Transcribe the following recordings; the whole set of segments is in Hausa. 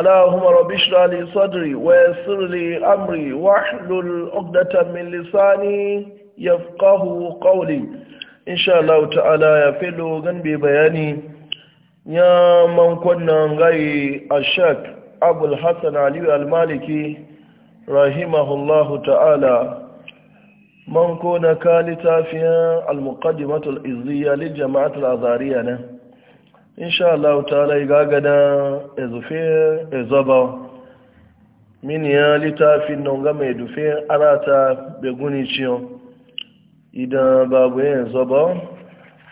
اللهم رب اشرح لي صدري ويسر لي امري واحلل عقدة من لساني يفقه قولي ان شاء الله تعالى يا فيلو غنبي بياني يا من كنا غي الشك ابو الحسن علي المالكي رحمه الله تعالى من كنا كالتافيا المقدمة الإزية للجماعة الأزارية نه insha Allah ta'ala igagada ezufe ezaba mini ya littafin nan ga mai dufe ta beguni ciyo idan babu yin e zaba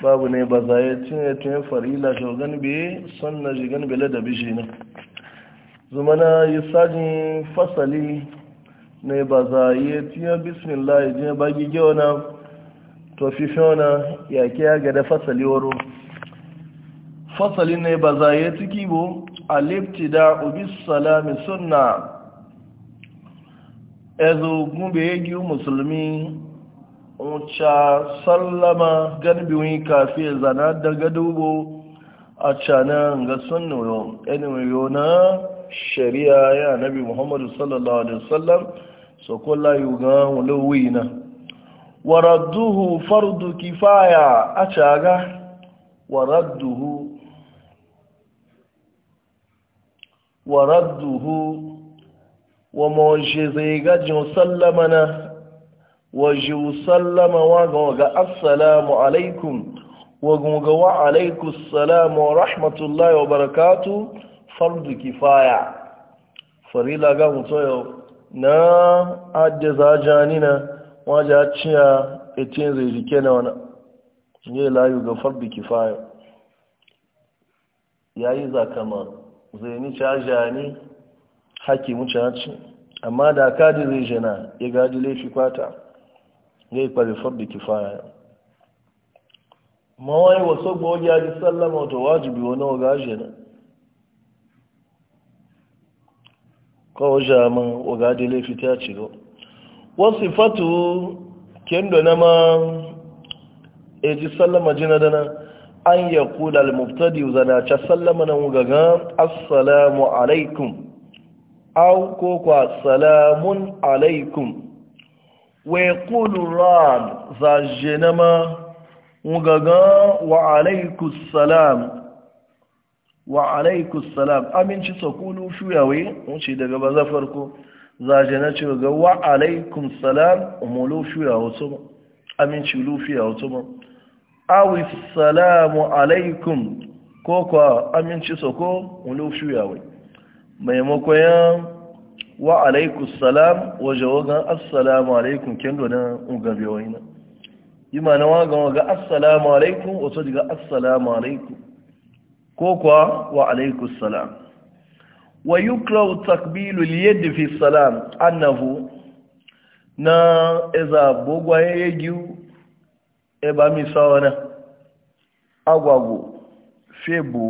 babu ne ba zaye tunye tun farila shogan bi son na jigan bele da bishi ne zumana yi sajin fasali ne ba zaye tunye bismillah ya je bagi gyona to fifi wana yake ya gada fasali waro fasali ne ba za ya ciki bu a lifti da obis salami suna ezo gube ya musulmi ocha sallama ganibin yi kafi zana daga dubo a canan ga sunna yau anyway na shari'a ya nabi muhammadu sallallahu alaihi wasallam so kula kola yuga wulawi na waradduhu fardu kifaya a caga waradduhu wa radduhu wa mawashi zai gajin sallama na wa jiwu sallama wa ga waga assalamu alaikum wa gunga wa alaikus wa rahmatullahi wa barakatu fardu kifaya farila ga mutoyo na adda zajani na waje a ciya etin zai rike na wani yi layu ga fardu kifaya ya yi zakama zaini ca jani mu ca ci amma da kaji zai jana ya gadi laifi kwata ya yi kwarifar da kifaya mawai wasu gbogi ya sallama wata wajibi wani waga jana kawai jaman waga da laifi ta ci go wasu fatu kendo na ma ya ji sallama jina dana an ya kula al-mubtadi zana ta sallama nan gaga assalamu alaikum Au ko kwa salamun alaikum wa yaqulu rad za jenama gaga wa alaikus salam wa alaikus salam aminci sakulu shuyawai wuce daga baza farko za na ce ga wa alaikus salam umulu shuyawai su aminci lufiya ba awi salamu alaikum ko kwa aminci soko wani shuyawai maimakoyan wa alaikus salam waje wagan assalamu alaikum kendo na ungabe wani yi ma na wagan waga assalamu alaikum wato diga assalamu alaikum ko kwa wa alaikus salam wa yukraw takbilu liyadi fi salam annahu na iza bogwaye yagiyu ebe amisa wani agwagwo febu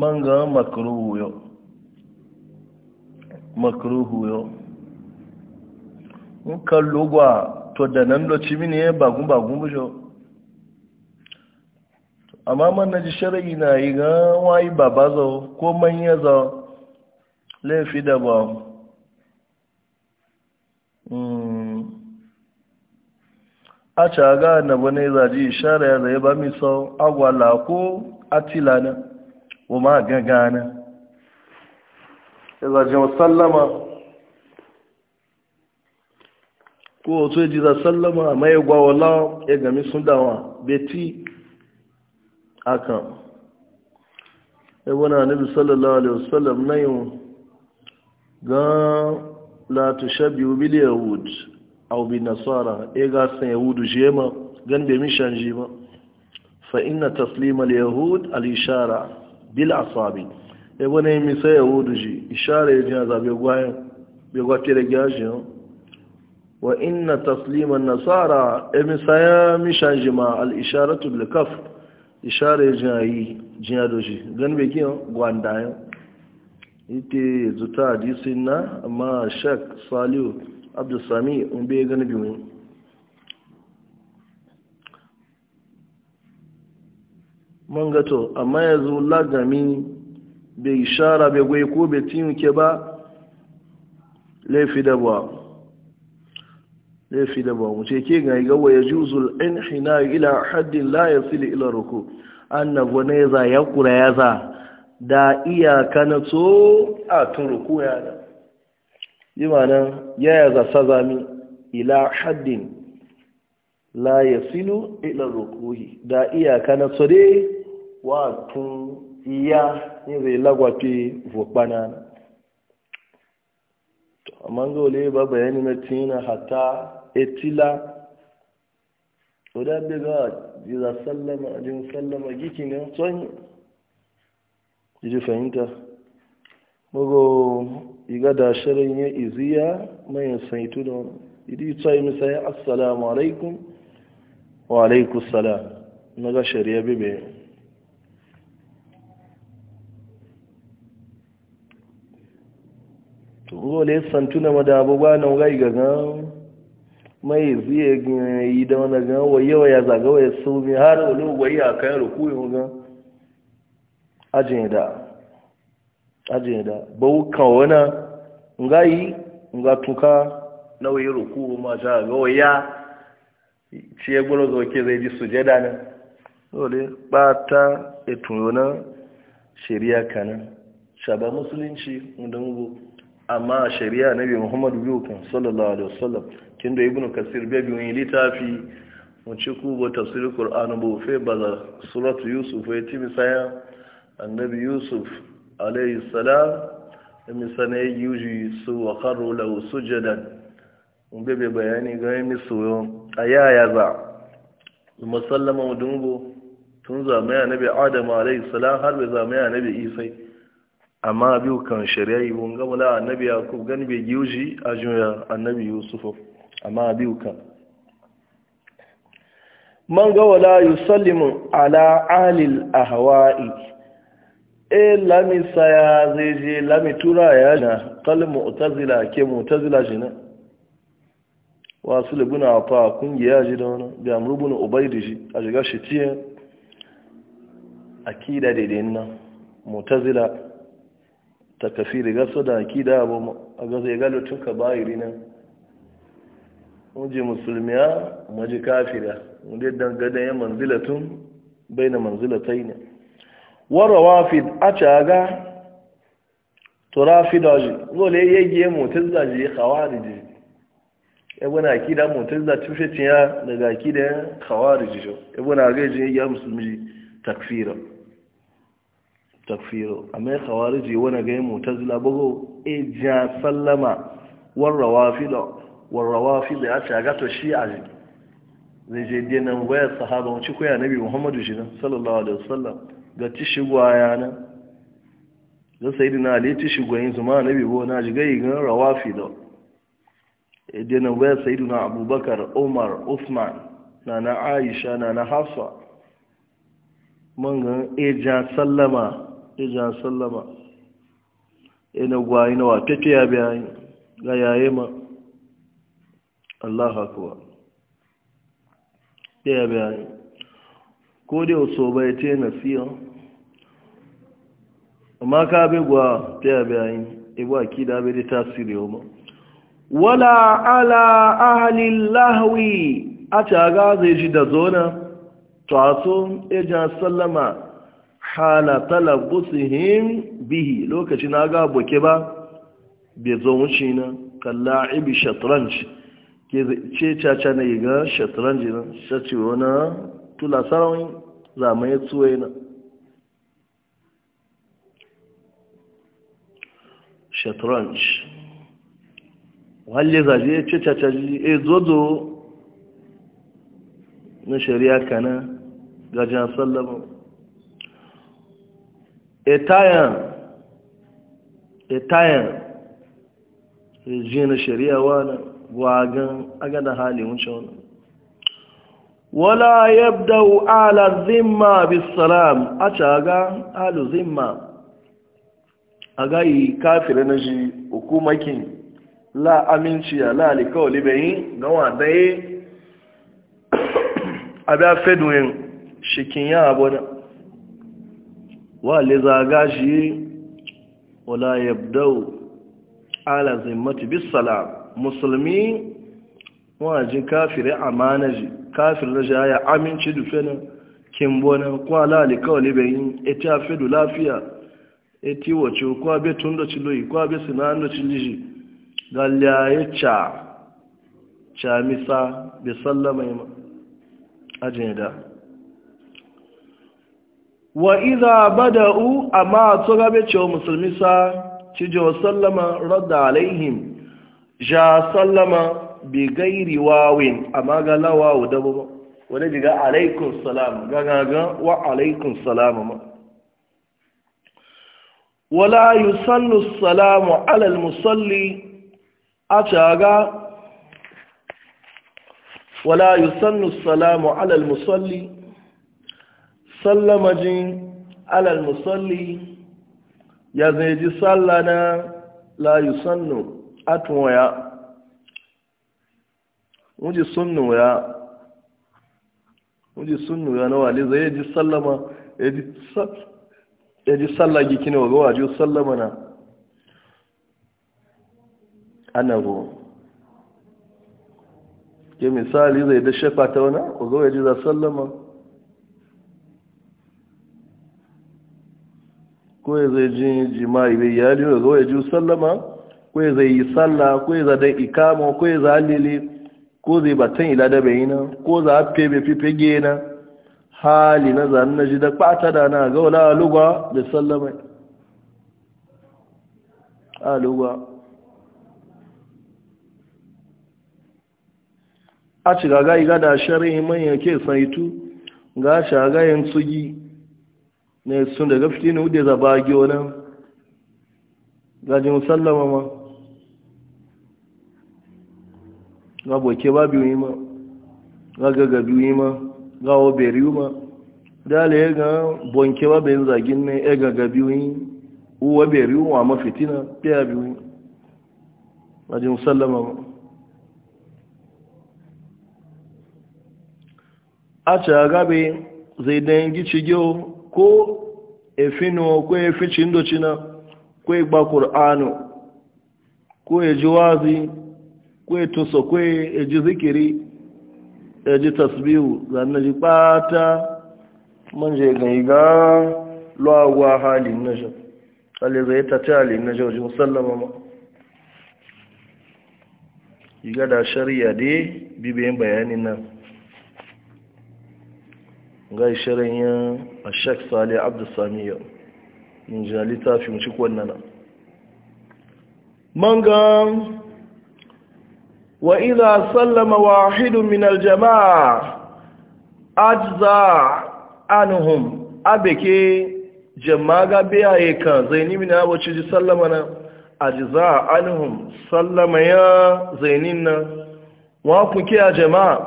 manga makaruhu yau makaruhu yau nkan logwa to da nan loci mini ya bagun-bagun bushe amma man na ji shari'i na yi ga wayi baba zo ko manya zo laifi da ba a caga na bane zaji ishara ya zai ba mi sau agwala ko atilana wa ma gagana ya zaji sallama ko wato ya e ji za sallama e e a mai gwawala ya gami sun dawa beti akan ya wani anabi sallallahu alaihi wasallam na yin ga la tushabihu bil yahud aw bi nasara e ga san yahudu jema gan be mi shanji ma fa inna taslima al yahud al ishara bil asabi e wona mi sa yahudu ji ishara e jina za be gwaye be gwa tere gaji wa inna taslima an nasara e mi sai mi shanji ma al isharatu bil kaf ishara e jina yi jina doji gan be kiyo gwanda yo ite zuta hadisin na amma shak salihu. abdulsami in bai gani biyu man gato amma yanzu lagami bai shara bai gwai ko bai tinuke ba laifi da ba laifi da ba wuce ke gani gawa ya ji uzul in hina ila haddin la ya fili ila ruku annabu ne za ya kura ya za da iyaka na so a tun roko ya da bi ma'anan ya yaza sazami ila haddin la yasilu ila rukuhi da iyaka na tsare wa tun iya ne zai lagwafe vokpana amma ga wale ba bayani na tina hata etila to da ga jiza sallama jin sallama gikin yan tsohon jiji fahimta mugo iga da shirin ya iziya mai saitu da idi tsaye misali assalamu alaikum wa alaikum salam na ga shari'a bibe gole santuna madabuwa na gai gaga mai ziye yi da wani ga wayewa ya zagawa ya sumi har wani wayi a kayan rukuyin ga ajin da ajin da bau kawana nga yi nga tuka na wayi ruku ma ta ga waya ci ya gboro ga wake zai ji sujada ne dole bata etuyona shari'a kanan shaba musulunci mudango amma shari'a nabi muhammadu biyu kan sallallahu alaihi wasallam kin da ibnu kasir bai biyu litafi mun ci ku ba tafsirul qur'an bu fe ba suratu yusuf ya ci misaya annabi yusuf alayhi salam mi sana ya yuji su wa kharru su jadan. mun bebe bayani ga mi soyo ayaya za mu dungo tun zamaya annabi adam alayhi salam har bai zamaya annabi isai amma biyu kan shari'a yi mun la mala annabi yakub gani bai yuji a juya annabi yusufu amma biyu kan man ga yusallimu ala alil ahwa'i e lami saya zai je lami tura ya na kalin mu'tazila ke mu'tazila shi na wasu libuna fa kungiya shi da wani da amurubun da shi a shiga shi tiye akida daidai nan mu'tazila ta kafi riga su da kida abu a gaza ya galo tun ka bayiri nan muje musulmiya maji kafira wanda dangadan ya manzilatun bai na manzilatai ne warawafid a caga turafidaji gole yayye mutazza ji khawariji ibn akida mutazza tushe tiya daga akida khawariji jo ibn agaji ya ya musulmi takfira takfiro amma khawariji wani ga mutazila bugo e ja sallama warrawafida warrawafida ya caga to shi a ji zai je dinan wayar sahaba wuce na biyu muhammadu shi sallallahu alaihi wasallam ga tishigwa yana ga sayidi na ali tishigwa yin zuma na bibo na jiga yi gan rawafi e da idina waya sayidi na abubakar umar usman na na aisha na na hafsa man gan eja sallama eja sallama ina e gwa ina wa tafiya bayan ga yaye ma Allah hakuwa. Ɗaya yi. ko dai so bai ce na siya amma ka bi gwa ta yabi ibu aki da bai da tasiri yau ba wala ala ahalin lahawi a caga zai ji da zona taso ejan sallama hala talabusihim bihi lokaci na ga boke ba bai zo wuce na kalla ibi shatranci ke ce caca na yi ga na shacewa na tula sarawin zama ya tsuwe na shatranj wale zaje eh, ce cacaji e eh, zozo na shari'a kana gajen sallama e tayan e tayan e ji na shari'a na gwagan agada halin wuce wani wala yabda'u ala zimma bisalam a caga alu zimma a gayi kafir na shi hukumakin la aminci ya la alikawali bayin ga wadaye a da fedoyin shikin ya wa wale zaga shi wala yabda'u ala zimmati bisalam musulmi wajen kafirin amana ji kafin na ya aminci dufe na kimbo na kuma lali kawai bayin eti fedu lafiya eti wace kwa bai tun da ciloyi kwa bai sinan da ciliji galya ya ca ca misa bai sallama yi ma ajin da wa iza bada'u amma a tsoga bai cewa musulmi sa jo sallama radda alaihim ja sallama bi gairi wawin amma ga lawawu da ba wani diga alaikun salam gagaga wa alaikun salam ma wala yusallu salamu alal musalli a caga wala yusallu salamu alal musalli sallamajin alal musalli ya zai ji sallana la yusannu atun waya sun sunnu ya ji sun ya na wale zai ji sallama ya ji sallagi kina wa gawa ji sallama na annabu ke misali zai da shafa ta wana wa gawa ji za sallama ko ya zai ji jima'i bai yali wa gawa ji sallama ko ya zai yi salla ko ya zai ikama ko ya zai alili ko zai batan ila da bai na ko za a fefe fifege na hali na zan na ji da kwata da na ga wala lugwa da sallama a lugwa a ci gaga iga da shari'i manyan ke saitu ga shagayen tsugi ne sun daga fitina wude zaba nan gajin sallama ma ga boke ba biyu yi ma ga gaga biyu yi ma ga obere yi ma dala ya ga bonke ba bayan zagin ne ya e gaga biyu yi uwa bere yi wa mafitina fiya biyu yi wajen sallama ma a ci agabe zai dan gici gyau ko efino ko eficin docina ko igba e ƙur'anu ko ya e ji wazi kwe tuso kwe eji zikiri eji tasbihu zanna ji pata manje gani ga lawa halin najo ale zai ta ta halin najo ji musallama ma iga da shari'a dai bibiyan bayanin nan ga shirin ya a shek sale abdulsamiyya in ji halitta fi mu ci na Manga. وإذا سلم واحد من الجماعة أجزع عنهم أبكي جماعة بأيكا زيني من أبو تشجي سلمنا أجزع عنهم سلم يا زينينا وأكوك يا جماعة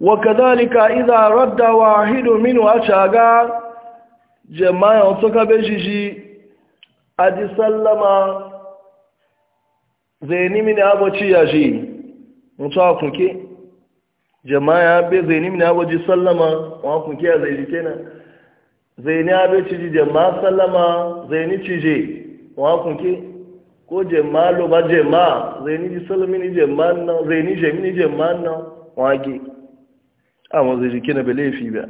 وكذلك إذا رد واحد من أشاقا جماعة أتوك بجيجي أجي سلم zaini mini ci ya shi mutu a kunke jama'a ya be zaini mini aboci sallama wa kunke ya zai na zaini abe ciji jama'a sallama zaini cije wa kunke ko jama'a lo ba jama'a zaini ji sallamini jama'a nan zaini mini jama'a nan wage ma zai jike na fi ba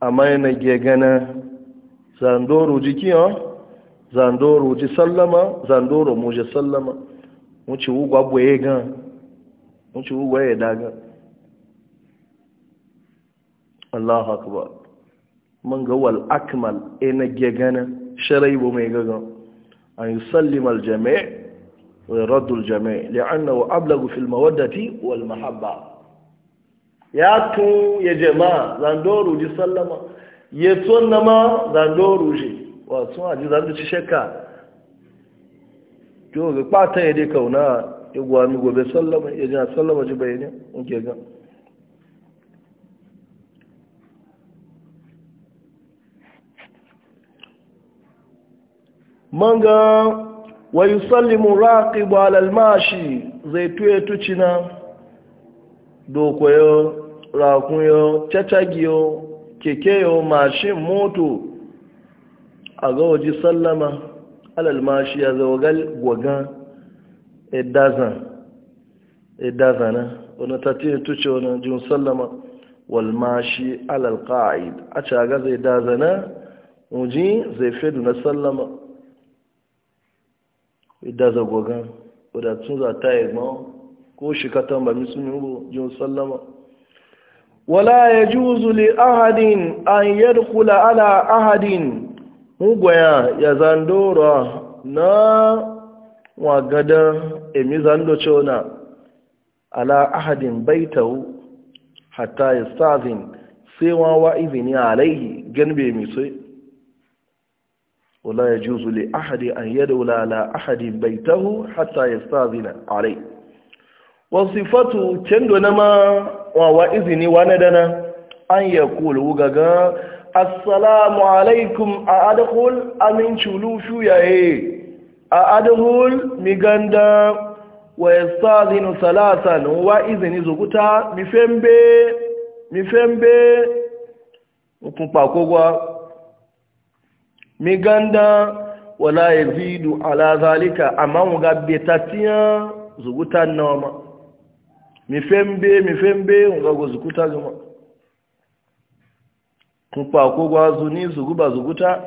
amma yana gana sandoro jiki ha zandoro ji sallama zandoro mu ji sallama mu ci wugwa boye gan mu ci wugwa ya daga Allahu akbar man ga wal akmal e na gegana sharai bo mai gagan an yusallima al jami' wa yardu al jami' li'annahu ablagu fil mawaddati wal mahabba ya tun ya jama'a zandoro ji sallama ya tun nama zandoro ji wasu aji za ká kí o rí pàtẹ́ náà gobe sallama sallama ji bayani nke gan manga wa yusallimu raqibu zai tuye tucina dokoyo rakunyo cacagiyo kekeyo mashin moto a ga waje sallama alal mashi ya zawagal gwaga edazan edazana wani tattiyar tuce wani jin sallama wal mashi alal ƙa'id a ce ga zai dazana wuji zai fedu na sallama idaza gwaga tun za ta yi ko shi katan ba misun yi jin sallama wala ya juzu li ahadin an kula ala ahadin Mugwaya ya zandora na gada emi zando chona ala ahadin baitau hatta ya stazin sai wa wa izini alaihi ganbe mi sai wala juzu le ahadi an wula ala ahadin baitahu hatta yastazina alaihi wa sifatu cendo na ma wa wa izini wa nadana an yaqulu gaga assalamu alaikum a adahul amin shulufu yaye a adahul miganda wa yastazinu salatan wa izini zukuta mifembe mifembe ukunpa kogwa miganda wala yazidu ala zalika amma muga betatiya zukuta noma mifembe mifembe muga zukuta gama nkpa kogwa zuni zuguba zuguta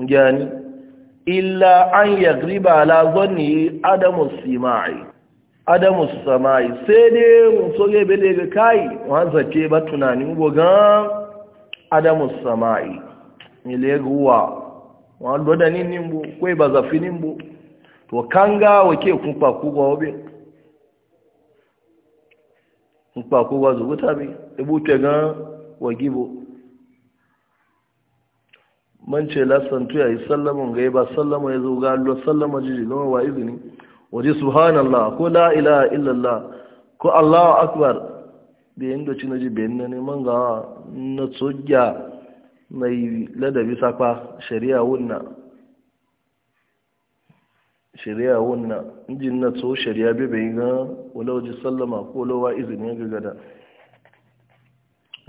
ngani illa an yagriba ala zanni adamu simai adamu samai sai dai musoge bele ga kai wanza ke ba tunani mu ga adamu samai ile guwa wando da nini mbu kwai ba zafini mbu to kanga wake kumpa kugwa obe kumpa kugwa zuguta bi ibute gan wagibo man ce lasantu ya yi sallaman ga ba sallama ya zo ga allo sallama jiji gama wa izini waje subhanallah ko la ilaha illallah ko allahu akbar bayan da cinaji bayan na neman ga na tsogya mai ladabi safa shari'a wunna shari'a wunna injin na tso shari'a bebe ga wala waje sallama ko lawa izini ya gagada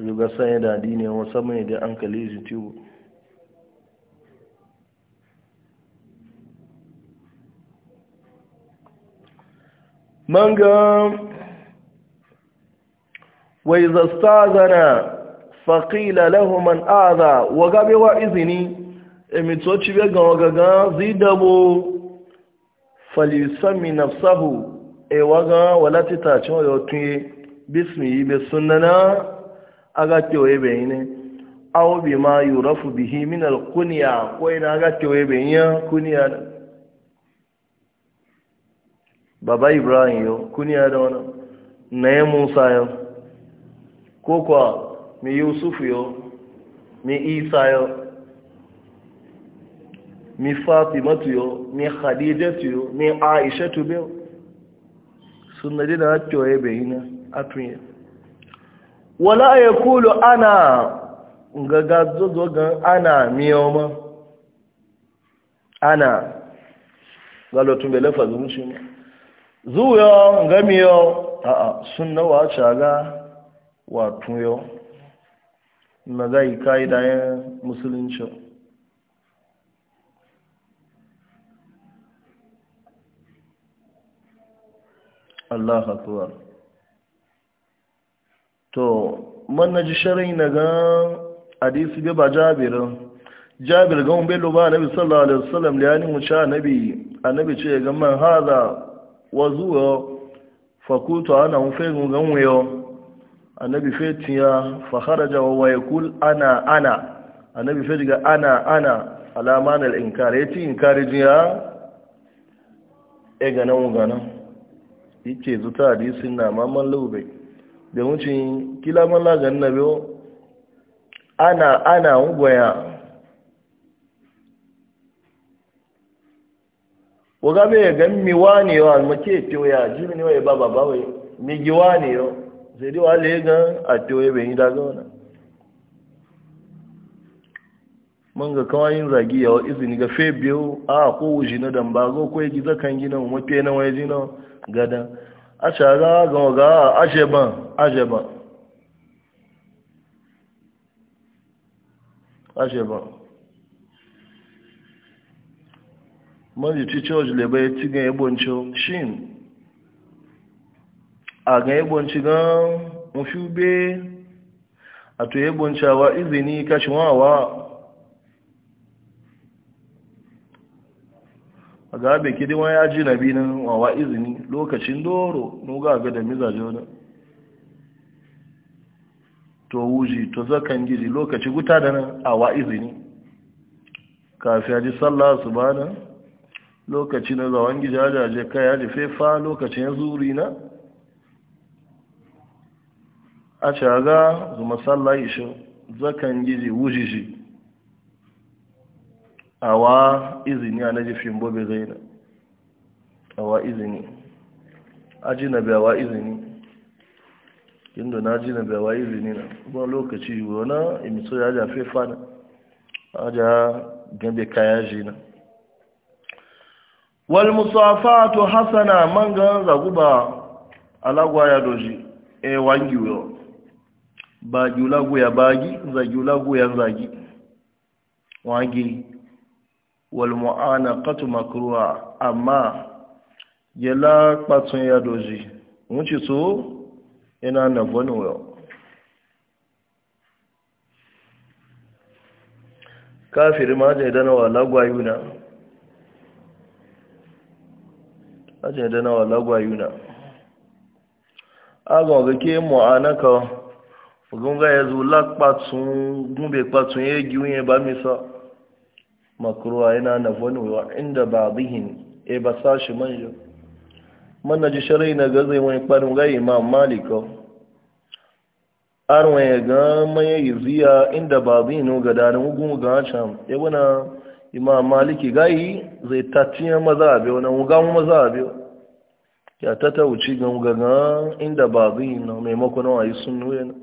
zuga sanya da adini mai da an kalli youtube manga wai zasta zana faƙila lahuman aza wa gabewa izini emitoci gaga gan wagaga zidabo falisami nafsahu e waga wala tun yi, bismi be sunana aga kewaye bai ne aw bi ma yurafu bihi min kuniya kunya ko ina aga kewaye bai ya kunya baba ibrahim yo kunya da wani na ya musa yo ko kwa mi yusuf yo mi isa yo mi fatimatu yo mi khadijatu yo mi aishatu biyo sunna dina kewaye bai na wala ya kulu ana gaga zozo gan ana miyoma ana galo tun bele fa zumu shi zuyo ga miyo a a sunna wa shaga wa tuyo na ga ikai da musulunci Allah akbar to man na ji sharai na ga hadisi bai ba jabirin jabir ga umbe lo ba nabi sallallahu alaihi wasallam da yani wuce annabi annabi ce ga man hada wa zuwa fakutu ana mu fe mu gan wayo annabi fe tiya fa kharaja wa yakul ana ana annabi fe diga ana ana alaman al inkar yati inkari jiya e ga nan ga nan yace zuta hadisin na mamman lube da wucin kila mala ga annabi ana ana ungwaya waga be gan miwani yo almake tiyo ya jimi ya waye baba bawe mi giwani yo sai dai wale gan a ya bai yi daga wannan man ga kawayin zagi yawa izini ga fe biyu a ko wuji na dan ba go ko yi gina mu mafi na waje na gada a shaga ga waga ajeban ajeban ajeban mọ́jì tí chọ́ọ̀jì lè bẹ́ tí gan ẹgbọ́nchọ́ ṣín àgàn ẹgbọ́nchí gan mo fi gbé àtò ẹgbọ́nchí àwá ìzì ní kàṣíwọ́n àwá ga be kidi wani ya ji na bi nan wawa izini lokacin doro no ga ga da mizaje wani to wuji to zakan gizi lokaci guta da nan a wa izini kafin ya ji sallah su ba nan lokaci na zawon gija jaje kai ya ji fefa lokacin yanzu zuri na a shaga zuma sallah ishin zakan gizi wuji shi awa izini a na jifin bobe zaina awa izini aji na bai awa izini inda na ji na bai awa izini na kuma lokaci yiwuwa na imiso ya jafe fana aja gambe kaya ji na wal musafatu hasana man ga zaguba alagwa ya doji e wangi wangiwo ba giulagu ya bagi za giulagu ya zagi wangi katu makruha amma yala patun ya doji wuce so yana na bonu yo kafiri ma je dana wa lagwayuna aje dana wa lagwayuna aga ga ke mu'anaka gunga yazu lakpatun gumbe ya giwu ya ba mi so makruwa yana na wani wa inda ba zihin e ba sashi manjo man na ji sharai na gazai wani kwarin ga imam maliko oh. arwa ya ga mai ziya inda ba o ga danin ugun ga can ya e wana imam maliki yi zai tattiyan maza a biyu na wugan maza a biyu ya ta ta wuce ga wugaga inda ba zihinu maimakon yi sun nuna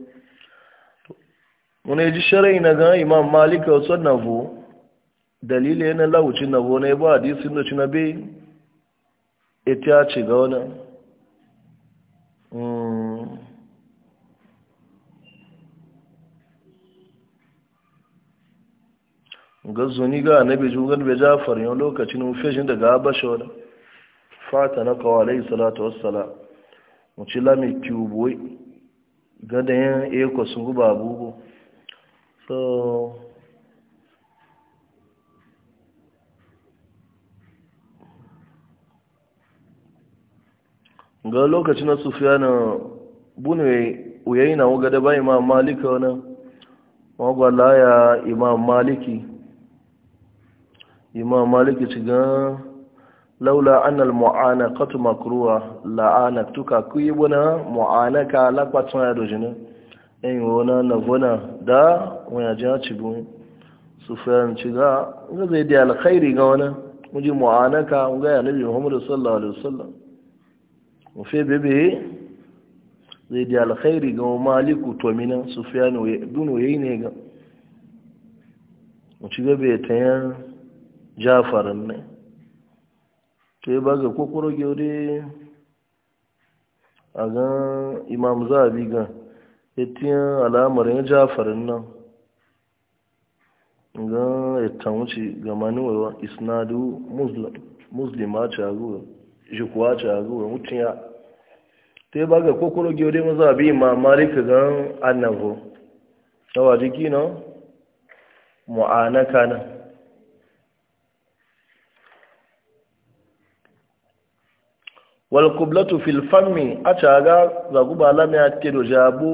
wani ji sharai na ga imam malika wasu na vo dalili yana lauci na wani ba hadisin da cina bai ita ce ga wani hmm. ga zuni ga annabi gan bai jafar yau lokacin da daga habasha wani fata na kawalai salatu wassala mace lami da gadayen eko sun guba abubu so ga lokacin na sufiya na bunwe uyayi na wuga da ba imam malika wani magwala ya imam maliki imam maliki ci laula annal mu'ana katu makruwa la'ana tuka kuyi buna mu'ana ka lakwacin ya dojina yin wani na vuna da wani ajiya ci buni sufiyan ci ga zai da alkhairi ga wani muji mu'ana ka ga ya nabi muhammadu sallallahu alaihi wasallam mafi bebe zai di alkhairi ga maliku tomina su fiya dunu ya yi ne ga mace gabe ta yan jafar ne ta yi ga kokoro ge a aga imam zabi gan etiyan al'amarin jafar nan ga etan wuce ga manuwa isnadu muslim a caguwa Jukwa caguwa mutum mutiya te ba ga kokoro gyore mu zabi ma marifi gan annabo tawa jiki na mu'anaka na wal qiblatu fil fammi achaga zaguba lam yakidu jabu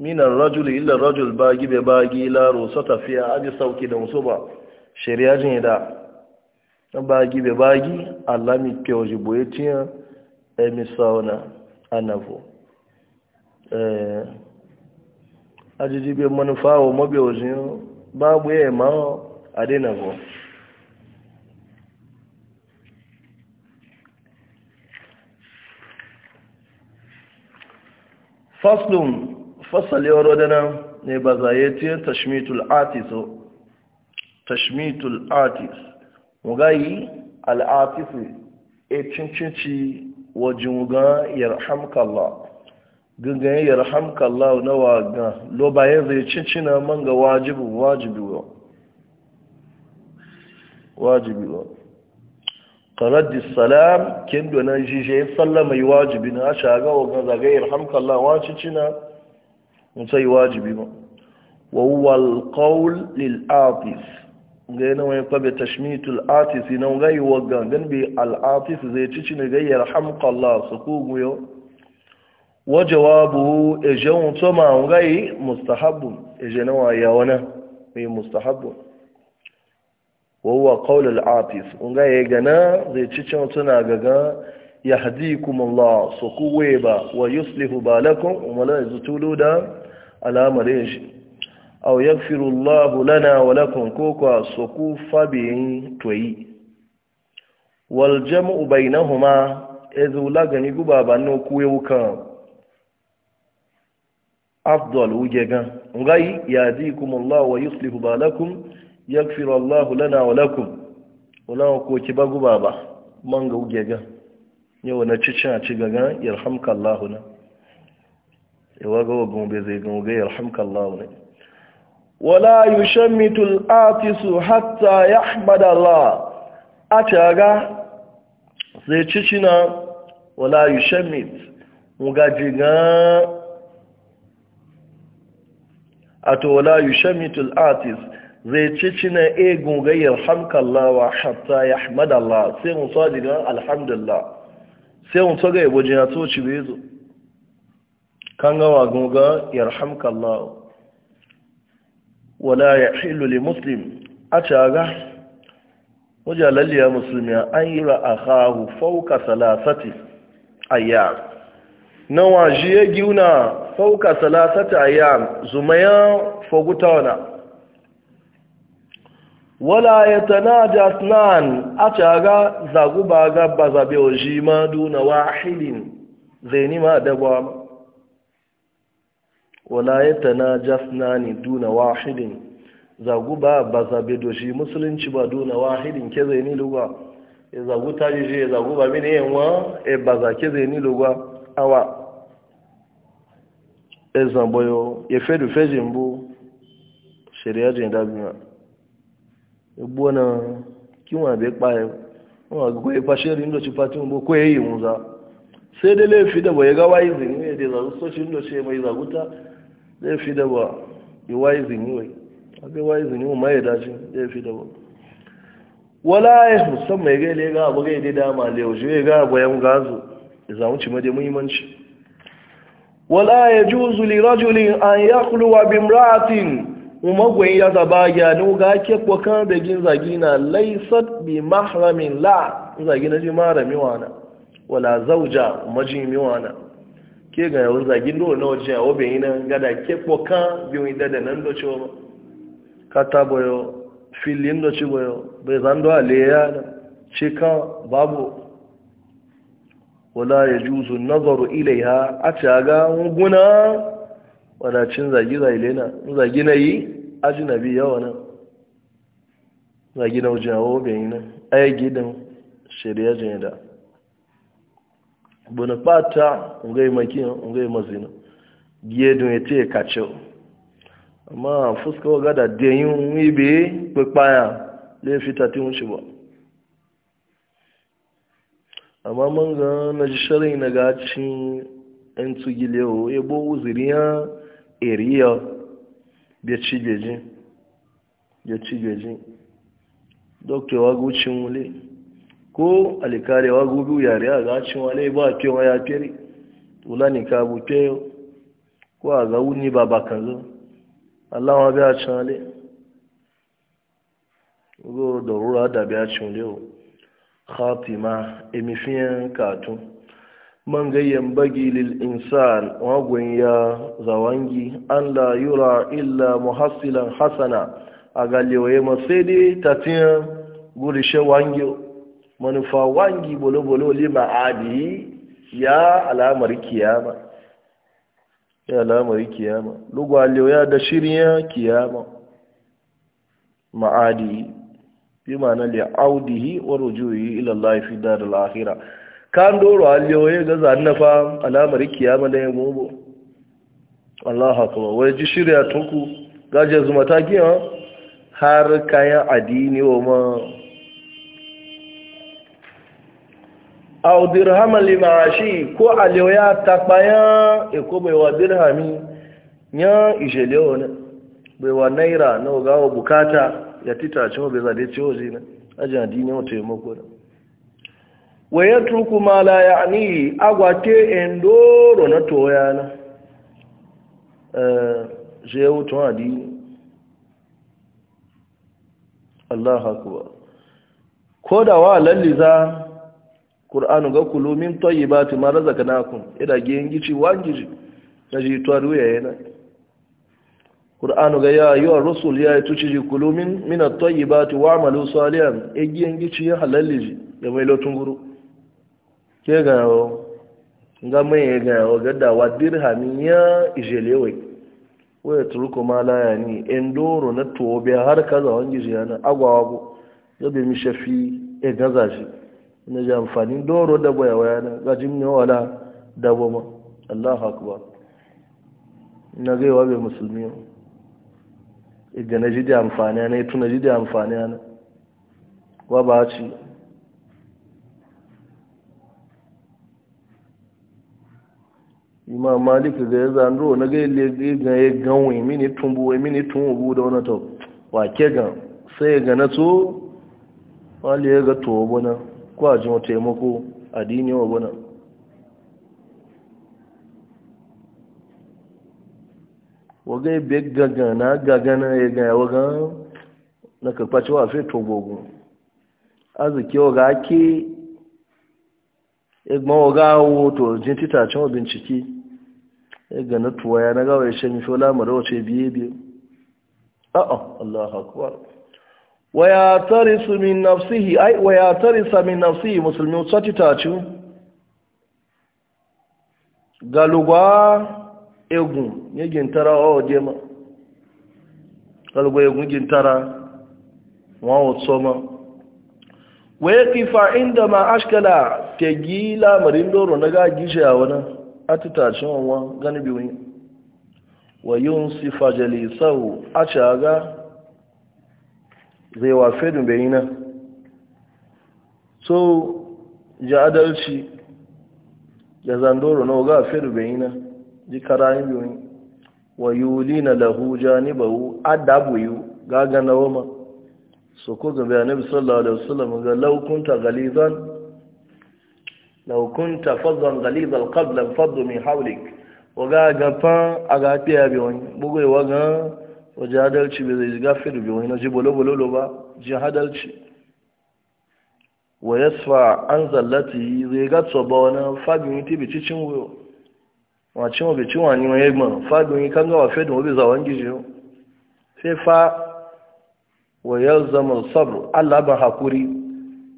min ar-rajul illa ar-rajul bagi be bagi la rusata fi aji sauki da musuba shari'a jin da bagi be bagi Allah mi ke ojibo etiyan emisauna anavo eh, ajiji bi manufa wa mabe ozin babu ya e ma adenavo faslun fasalewar wadana ne ba zaye tashmitul atiso tashmitul atis mugayi al'atisu e cincinci wajen ga yarhamkallah gangan yarhamkallah na waga lo bayan zai cincina man ga wajibin wajibi wa wajibi wa qaraddi salam kin dona jije sallama yi wajibi na shaga waga zaga yarhamkallah wa cincina mun sai wajibi ma wa huwa alqawl lil atif ga yana wani kwabe tashmitul artist na gai wa gangan bi al'artist zai ci cini gai yarhamkallah su kogu yau wa jawabu ejen toma gai mustahabbun ejen wa yawana mai e mustahabbun wawa kawul al'artist gai ya gana zai ci cin tuna gaga ya hadi kuma Allah su kowe ba wa yuslihu ba lakon umarar zutulu da alamarin shi aw yaghfiru Allahu lana wa lakum koko soku fabiyin toyi wal jam'u bainahuma idhu lagani guba banu kuyuka afdal wujega ngai yadikum Allah wa yuslihu balakum yaghfiru Allahu lana wa lakum wala ko ci bagu baba manga wujega yau na ci cin a ci gaga yarhamka Allah na yawa ga wagon bai zai gan wuga yarhamka Allah ne wala yushamitu al-atisu hatta yahmada Allah ataga sai cicina wala yushamit mugajiga ato wala yushamitu al-atis zai cicina e gungayar Wa hatta yahmada Allah sai mun sadiga alhamdulillah sai mun soga yabo jina to ci bezo kan gawa gunga yarhamkallahu wala ya hilu li muslim a caga wajen lalliya musulmi an yi ra'ahahu fauka salasati ayyam na waje ya giuna fauka salasati ayyam zumaya fagutawana wala ya tanaja snan a caga zagubaga gaba zabe wa jima duna wahilin zai nima dabawa wala ya tana jasna ne duna wahidin zagu ba ba zabe doshi musulunci ba duna wahidin ke zai nilu ba ya e zagu ta ji shi ya e zagu ba mini yanwa e ba za ke zai nilu awa e zamboyo ya e fedu fejin bu shari'a jin dabiya igbo na kiwa bai kpaye wọn agogo ipa sheri ndo ci pati mbo ko yayi mun za sai dai laifi da bai ga wai zini ne da zagu so shi ndo ce mai zaguta zai fi da ba iwayi zini wai abin iwayi zini wa maye dace zai fi da ba wala ya musamman ya gaile ga abu gaide dama lewaje ya ga bayan gazo ya zamu ci made muhimmanci wala ya juzu li rajulin an ya kulu wa bimratin umagwai ya zaba ya ga ke kwakan da gin na laisat bi mahramin la na ji mara miwana wala zauja majin miwana ke ga yawon zagin dole na a obin gada ke kan biyun da da nan doce kata boyo filin doce boyo bai zan do aleya da ce babu wala ya juzu nazaru ilaiha a ce ga guna wadacin zagi zai na zagi na yi ajinabi yawa nan zagi na waje a obin yi na ayyagi din shirya jini da bana fata ngai maki ngai mazina giedun ya ce kace amma fuska wa gada da yin wibe kwaikwaya zai fita ti shi ba amma man na ji sharai na chin yan tugilewo ya bo uziriya eriya bai ci beji bai ci beji doktor wa gucin wule ko alikarewa gudu yare a zacin wale ba a cewa ya fere tula ni ka buke ko a ga wuni ba ba kan zo allah ma biya cin wale ko da rura da biya cin wale khatima emifiyan katun man gayyan bagi lil insan wagon ya zawangi an la yura illa muhassilan hasana a galewaye masai dai tafiyan gurishe wangiyar manufa wangi bolo-bolo lima adi ya alamar kiyama ya alamar kiyama lugwalewa ya da shirya kiyama ma'adi bi ma'ana audihi wa rujuhi ila Allah fi daril akhirah kan doro gaza ga zannafa alamar kiyama da yabo Allah akbar wai ji shirya tuku gaje zuma ta kiyan har kayan adini wa ma aw dirhaman limashi ko aliyoya takpayan eko bai wa dirhami ya ishele wani bai wa naira na ogawa bukata ya tita cewa bai zade ciwo zina ajin adini wata yi makon wa ya turku ma la ya ni agwate endoro na toya na ṣe eh, ya adini Allah hakuwa ko da wa lalliza ƙur'anu ga kulu min tayyibati ma razaqnakum ida gen gici wangiji naji tuwaru yana ƙur'anu ga ya yi wa rusul ya yi tuci ji kulu min min tayyibati wa amalu salihan e gen gici ya halalli ji da mai lotun guru ke ga ga mai ya yawo ga da wa dirhami ya Wai waya turku ma laya ni endoro na tobe har kaza wangiji yana agwawa go zabe mi shafi e gaza na ji amfani doro da baya waya na gajin ne wala da goma Allah akbar na gaiwa bai musulmi idan na ji da amfani na ito na ji da amfani na wa ba ci imam malik da ya zanro na gai lege ga ya ganwe mini tumbu wai mini tumbu da wani to wa ke ga sai ga na so wali ya ga to bana kwa ji taimako addini wa wani waga ya bai gagana gagana ya gaya waga na karfaci wa fi togogo arziki waga ake igma waga wato jin titacen wa bincike ya gana tuwaya na gawa ya shamifola mara wace biye biye a'a allah akwai ويعترس من نفسه أي ويعترس من نفسه gintara o jema galuwa egun gintara wọn o tsoma wee kifa inda ma ashkala ke marindoro na ga gishe a wani atitacin wọn gani biyu a zai wafe dun bai na so ji adalci ya zandoro na oga fe dun bai na ji karayin biyu wa yuli na lahu janibahu adabuyu gaga na roma so ko a nabi sallallahu alaihi wasallam ga Laukunta, galizan laukunta law galizan kablan ghalizal mai haulik wa gaga fa a ga tiya biyu bugo wa ga waje adalci bai zai shiga fi dubi wani na ji bolo-bolo ba ji adalci wa yasfa an zallati zai ga ba wani fagin yi tibi cicin wuyo wacin wabi cin wani mai yagman fagin yi kan gawa fedin wabi zawon gizi sai fa wa yalzama sabr Allah ban hakuri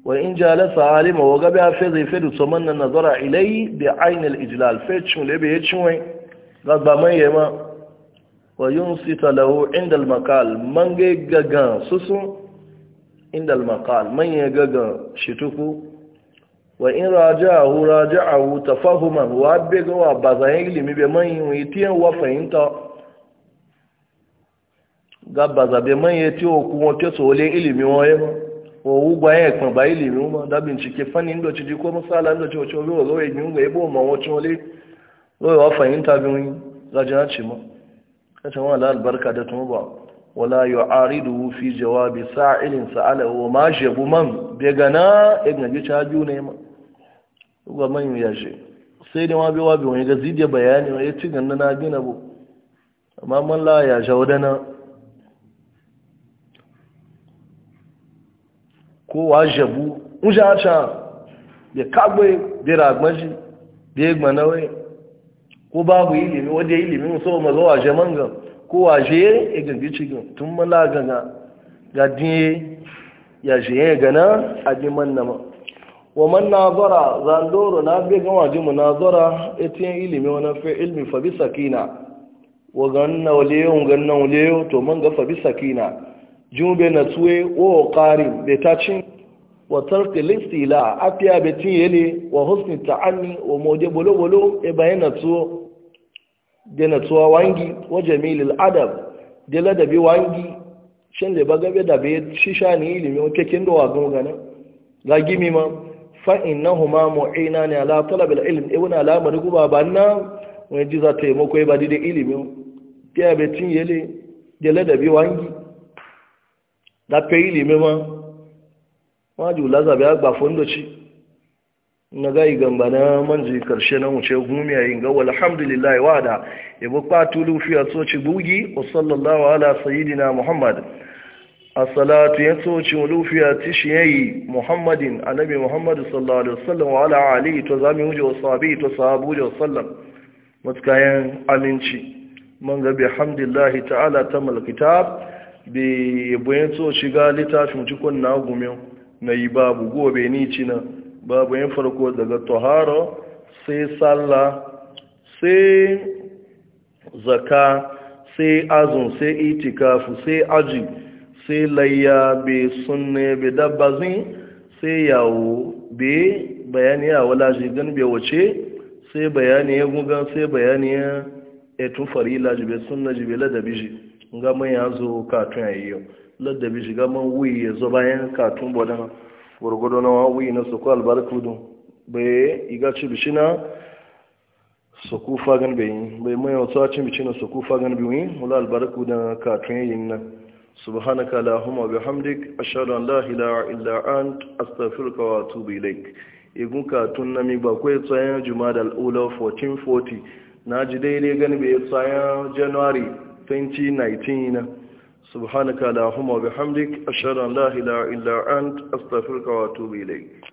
wa in jalasa alima wa gabi afe zai fedu so man nazara ilai bi ainil ijlal fe cin le be chun we gagba man yema wa yunsita lahu inda al-maqal man ga gaga susu Indal al-maqal man ya gaga shituku wa in raja'ahu raja'ahu tafahuman wa biga wa bazayin ilimi be man yi tiyan wa fahimta ga bazabe man ya ti oku won ke so le ilimi won ye wo wu gba yen kan ba ilimi mo da bincike fani ndo ti di ko masala ndo ti o ti o ro ro e ni ngo e bo mo won ti o le ro e wa fahimta bi won raja'achi mo kace wala albarka da tuba wala yu'aridu fi jawabi sa'ilin sa'ala wa ma shabu man begana ibn ji ta biyu ne ma ga man ya she sai da wabi wabi wani ga zidiya bayani wani ci ganna na gina bu amma man la ya shawadana ko wa shabu uja ta be kagbe be ragmaji be gmanawai ko babu ilimi wadda ya ilimi musamman mazo waje manga ko waje ya gangi cikin tun mala gana ga dinye ya je ya gana a ji manna ma wa man nazara zandoro na bai gama ji mu nazara ya yin ilimi wani fi ilmi fa bi sakina wa ganna waliyo ganna waliyo to man ga fa bi sakina jumbe na tuwe o ƙarin bai ta cin wa tarki listila afiya betin yele wa husni ta'anni wa moje bolo bolo e bayana tuwo de na tuwa wangi wa jamilil adab Da ladabi wangi shin da bagabe da be shisha ni ilimi o kekin do wagun gana ga gimi ma fa innahuma mu'inani ala talab al-ilm e alamar guba marguba banna wani jiza taimako ya yi da ba daidai ilimin ta yabe cin yele da ladabi wangi da fe ilimin ma waju lazabi ya gba fondoci na gai gamba na manji karshe na wuce gumiya yin alhamdulillah walhamdulillah wada yabo patulu fi tsoci bugi wa sallallahu ala sayyidina muhammad A salatu ya wa lufi a tishiyayi muhammadin nabi Muhammadu sallallahu alaihi wasallam wa ala alihi to zami wuje wa sahabi to sahabu wa sallam mutkayan aminci man gabi alhamdulillah ta'ala ta kitab bi yabo tsoci ga littafin cikon na gumiya na yi babu gobe ni cina babu yin farko daga toharo sai sallah sai zaka sai azun sai itikafu sai aji sai layya be sunne be dabbazin sai yawo be bayani ya wala gan be wace sai bayani ya gugan sai bayani ya etun farila jibe sunna jibe ladabi ji ga mai yazo katun yau. ladda bi shiga man wuyi ya zo bayan katun bodan gwargwado na wuyi na soko albarku dun bai iga ci bishi na soko fagan bai yi bai mai wata cin bishi na soko fagan bai yi wula albarku dun katun yayin nan سبحانك اللهم وبحمدك اشهد ان لا اله الا انت استغفرك واتوب lake igun katun na mi kwai tsayen jumada al'ula 1440 na ji daidai gani bai tsayen january 2019 na subhanaka la huma bihamdik ashhadu an la ilaha illa ant astaghfiruka wa atubu ilayk